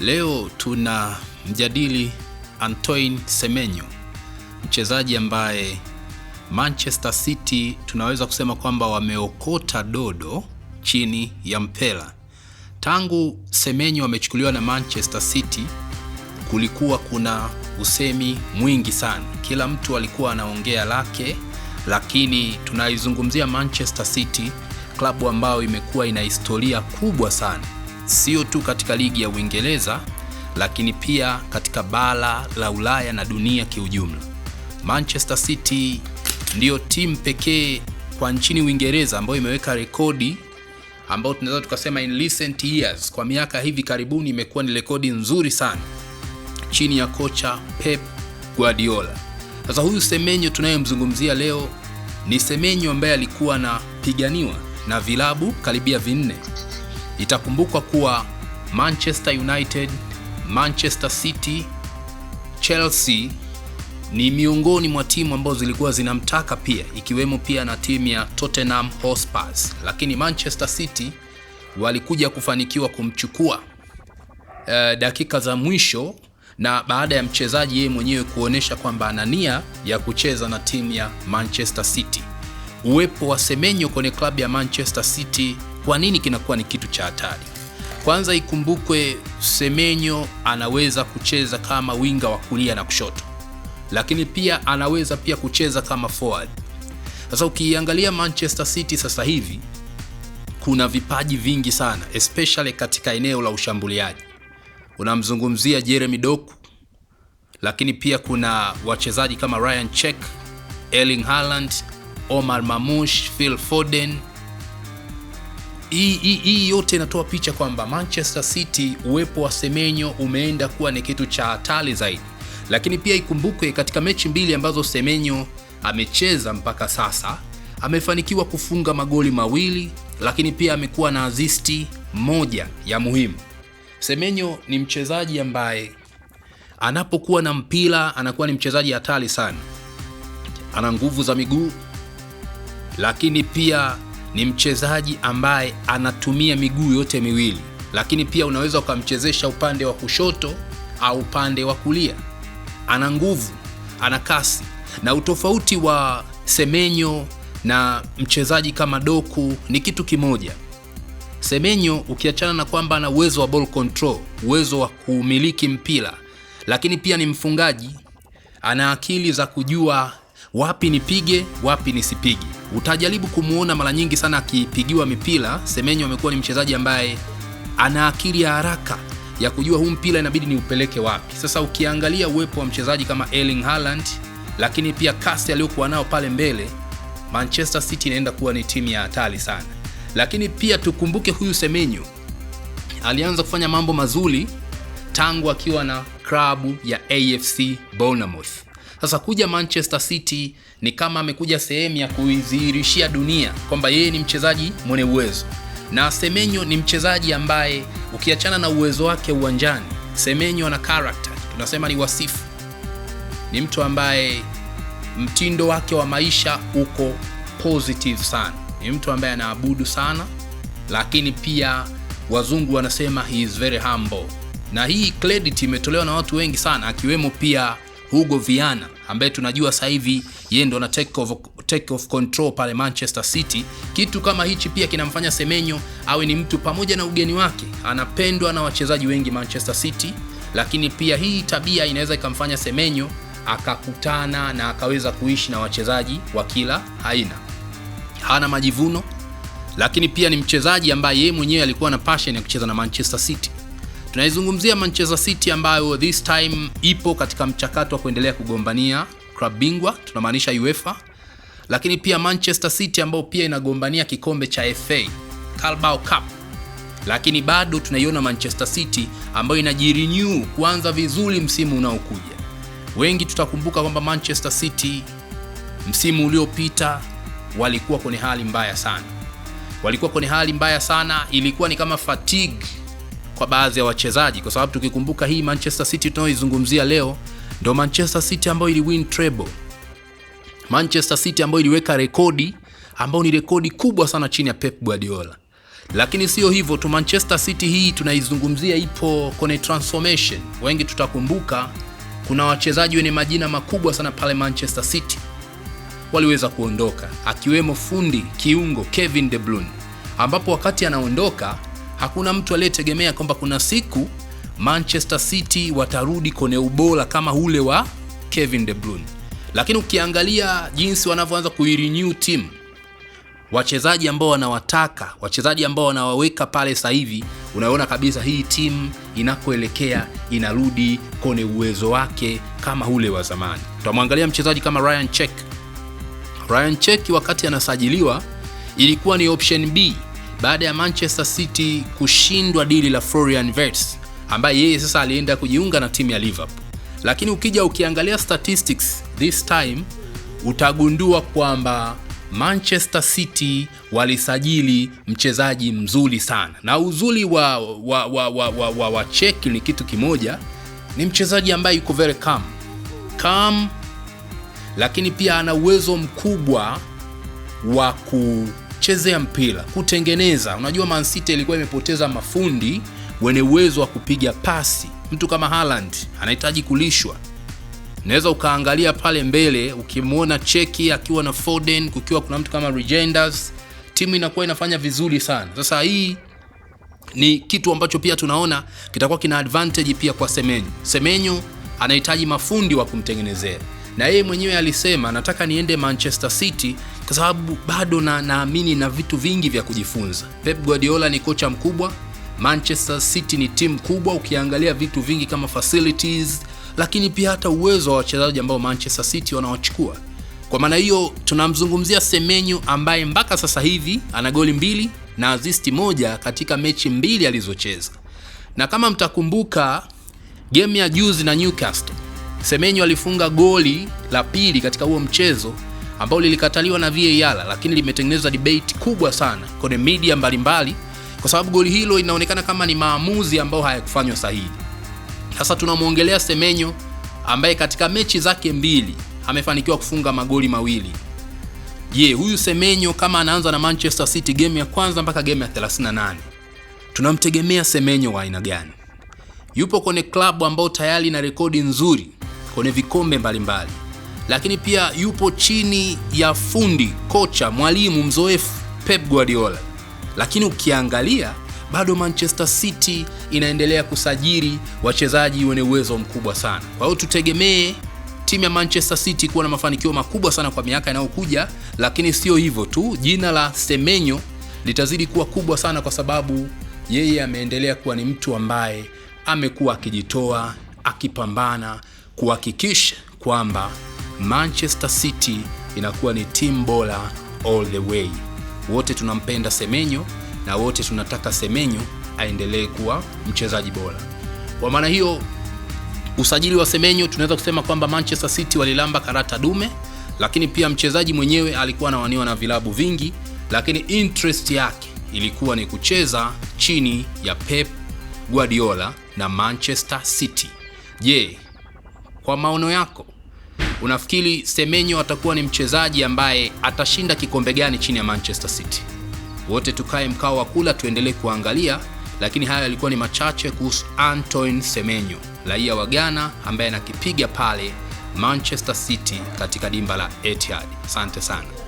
Leo tuna mjadili Antoine Semenyo, mchezaji ambaye Manchester City tunaweza kusema kwamba wameokota dodo chini ya mpela. Tangu Semenyo amechukuliwa na Manchester City, kulikuwa kuna usemi mwingi sana, kila mtu alikuwa anaongea lake, lakini tunaizungumzia Manchester City, klabu ambayo imekuwa ina historia kubwa sana sio tu katika ligi ya Uingereza lakini pia katika bara la Ulaya na dunia kiujumla. Manchester City ndiyo timu pekee kwa nchini Uingereza ambayo imeweka rekodi ambayo tunaweza tukasema in recent years, kwa miaka hivi karibuni imekuwa ni rekodi nzuri sana chini ya kocha Pep Guardiola. Sasa huyu Semenyo tunayemzungumzia leo ni Semenyo ambaye alikuwa anapiganiwa na vilabu karibia vinne Itakumbukwa kuwa Manchester United, Manchester City, Chelsea ni miongoni mwa timu ambazo zilikuwa zinamtaka pia, ikiwemo pia na timu ya Tottenham Hotspur, lakini Manchester City walikuja kufanikiwa kumchukua e, dakika za mwisho na baada ya mchezaji yeye mwenyewe kuonyesha kwamba ana nia ya kucheza na timu ya Manchester City. Uwepo wa Semenyo kwenye klabu ya Manchester City kwa nini kinakuwa ni kitu cha hatari? Kwanza ikumbukwe, Semenyo anaweza kucheza kama winga wa kulia na kushoto, lakini pia anaweza pia kucheza kama forward. Sasa ukiangalia Manchester City sasa hivi kuna vipaji vingi sana especially katika eneo la ushambuliaji. Unamzungumzia Jeremy Doku, lakini pia kuna wachezaji kama Ryan Check, Erling Haaland, Omar Mamush, Phil Foden, hii yote inatoa picha kwamba Manchester City, uwepo wa Semenyo umeenda kuwa ni kitu cha hatari zaidi, lakini pia ikumbukwe, katika mechi mbili ambazo Semenyo amecheza mpaka sasa amefanikiwa kufunga magoli mawili, lakini pia amekuwa na asisti moja ya muhimu. Semenyo ni mchezaji ambaye anapokuwa na mpira anakuwa ni mchezaji hatari sana, ana nguvu za miguu, lakini pia ni mchezaji ambaye anatumia miguu yote miwili, lakini pia unaweza ukamchezesha upande wa kushoto au upande wa kulia. Ana nguvu, ana kasi, na utofauti wa Semenyo na mchezaji kama Doku ni kitu kimoja. Semenyo ukiachana na kwamba ana uwezo wa ball control, uwezo wa kumiliki mpira, lakini pia ni mfungaji, ana akili za kujua wapi nipige, wapi nisipige. Utajaribu kumuona mara nyingi sana akipigiwa mipira. Semenyo amekuwa ni mchezaji ambaye ana akili ya haraka ya kujua huu mpira inabidi niupeleke wapi. Sasa ukiangalia uwepo wa mchezaji kama Erling Haaland, lakini pia kasi aliyokuwa nao pale mbele, Manchester City inaenda kuwa ni timu ya hatari sana. Lakini pia tukumbuke huyu Semenyo alianza kufanya mambo mazuri tangu akiwa na klabu ya AFC Bournemouth sasa kuja Manchester City ni kama amekuja sehemu ya kuidhihirishia dunia kwamba yeye ni mchezaji mwenye uwezo, na Semenyo ni mchezaji ambaye ukiachana na uwezo wake uwanjani, Semenyo ana character, tunasema ni wasifu, ni mtu ambaye mtindo wake wa maisha uko positive sana, ni mtu ambaye anaabudu sana, lakini pia wazungu wanasema he is very humble, na hii credit imetolewa na watu wengi sana, akiwemo pia Hugo Viana ambaye tunajua sasa hivi yeye ndo ana take of, take of control pale Manchester City. Kitu kama hichi pia kinamfanya Semenyo awe ni mtu, pamoja na ugeni wake, anapendwa na wachezaji wengi Manchester City, lakini pia hii tabia inaweza ikamfanya Semenyo akakutana na akaweza kuishi na wachezaji wa kila aina. Hana majivuno, lakini pia ni mchezaji ambaye yeye mwenyewe alikuwa na passion ya kucheza na Manchester City. Tunaizungumzia Manchester City ambayo this time ipo katika mchakato wa kuendelea kugombania club bingwa, tunamaanisha UEFA, lakini pia Manchester City ambayo pia inagombania kikombe cha FA Carabao Cup, lakini bado tunaiona Manchester City ambayo inajirenew kuanza vizuri msimu unaokuja. Wengi tutakumbuka kwamba Manchester City msimu uliopita walikuwa kwenye hali mbaya sana, walikuwa kwenye hali mbaya sana, ilikuwa ni kama fatigue kwa baadhi ya wachezaji, kwa sababu tukikumbuka hii Manchester City tunayoizungumzia leo ndo Manchester City ambayo ili win treble, Manchester City ambayo iliweka rekodi ambayo ni rekodi kubwa sana chini ya Pep Guardiola. Lakini sio hivyo tu, Manchester City hii tunaizungumzia ipo kwenye transformation. Wengi tutakumbuka kuna wachezaji wenye majina makubwa sana pale Manchester City waliweza kuondoka, akiwemo fundi kiungo Kevin De Bruyne, ambapo wakati anaondoka hakuna mtu aliyetegemea kwamba kuna siku Manchester City watarudi kwenye ubora kama ule wa Kevin De Bruyne, lakini ukiangalia jinsi wanavyoanza kuirenew team, wachezaji ambao wanawataka, wachezaji ambao wanawaweka pale sasa hivi, unaona kabisa hii timu inakoelekea inarudi kwenye uwezo wake kama ule wa zamani. Tutamwangalia mchezaji kama Ryan Check. Ryan Check wakati anasajiliwa ilikuwa ni option B baada ya Manchester City kushindwa dili la Florian Wirtz ambaye yeye sasa alienda kujiunga na timu ya Liverpool. Lakini ukija ukiangalia statistics this time utagundua kwamba Manchester City walisajili mchezaji mzuri sana, na uzuri wa, wa, wa, wa, wa, wa, wa Cheki ni kitu kimoja, ni mchezaji ambaye yuko very calm. Calm, lakini pia ana uwezo mkubwa wa ku kuchezea mpira, kutengeneza. Unajua, Man City ilikuwa imepoteza mafundi wenye uwezo wa kupiga pasi. Mtu kama Haaland anahitaji kulishwa. Unaweza ukaangalia pale mbele, ukimwona Cheki akiwa na Foden, kukiwa kuna mtu kama Regenders, timu inakuwa inafanya vizuri sana. Sasa hii ni kitu ambacho pia tunaona kitakuwa kina advantage pia kwa Semenyo. Semenyo anahitaji mafundi wa kumtengenezea na yeye mwenyewe alisema nataka niende Manchester City kwa sababu bado na naamini na vitu vingi vya kujifunza. Pep Guardiola ni kocha mkubwa, Manchester City ni timu kubwa, ukiangalia vitu vingi kama facilities, lakini pia hata uwezo wa wachezaji ambao Manchester City wanawachukua. Kwa maana hiyo tunamzungumzia semenyu ambaye mpaka sasa hivi ana goli mbili na asisti moja katika mechi mbili alizocheza, na kama mtakumbuka game ya juzi na Newcastle Semenyo alifunga goli la pili katika huo mchezo ambao lilikataliwa na VAR, lakini limetengeneza debate kubwa sana kwenye media mbalimbali kwa sababu goli hilo inaonekana kama ni maamuzi ambayo hayakufanywa sahihi. Sasa tunamwongelea Semenyo ambaye katika mechi zake mbili amefanikiwa kufunga magoli mawili. Je, huyu Semenyo kama anaanza na Manchester City game ya kwanza mpaka game ya 38, tunamtegemea Semenyo wa aina gani? Yupo kwenye klabu ambao tayari na rekodi nzuri kwenye vikombe mbalimbali mbali. Lakini pia yupo chini ya fundi kocha mwalimu mzoefu Pep Guardiola. Lakini ukiangalia bado Manchester City inaendelea kusajili wachezaji wenye uwezo mkubwa sana. Kwa hiyo tutegemee timu ya Manchester City kuwa na mafanikio makubwa sana kwa miaka inayokuja, lakini sio hivyo tu, jina la Semenyo litazidi kuwa kubwa sana kwa sababu yeye ameendelea kuwa ni mtu ambaye amekuwa akijitoa, akipambana kuhakikisha kwamba Manchester City inakuwa ni timu bora all the way. Wote tunampenda Semenyo na wote tunataka Semenyo aendelee kuwa mchezaji bora. Kwa maana hiyo, usajili wa Semenyo tunaweza kusema kwamba Manchester City walilamba karata dume, lakini pia mchezaji mwenyewe alikuwa anawaniwa na vilabu vingi, lakini interest yake ilikuwa ni kucheza chini ya Pep Guardiola na Manchester City. Je, kwa maono yako unafikiri Semenyo atakuwa ni mchezaji ambaye atashinda kikombe gani chini ya Manchester City? Wote tukae mkao wa kula tuendelee kuangalia, lakini haya yalikuwa ni machache kuhusu Antoine Semenyo, raia wa Ghana ambaye anakipiga pale Manchester City katika dimba la Etihad. Asante sana.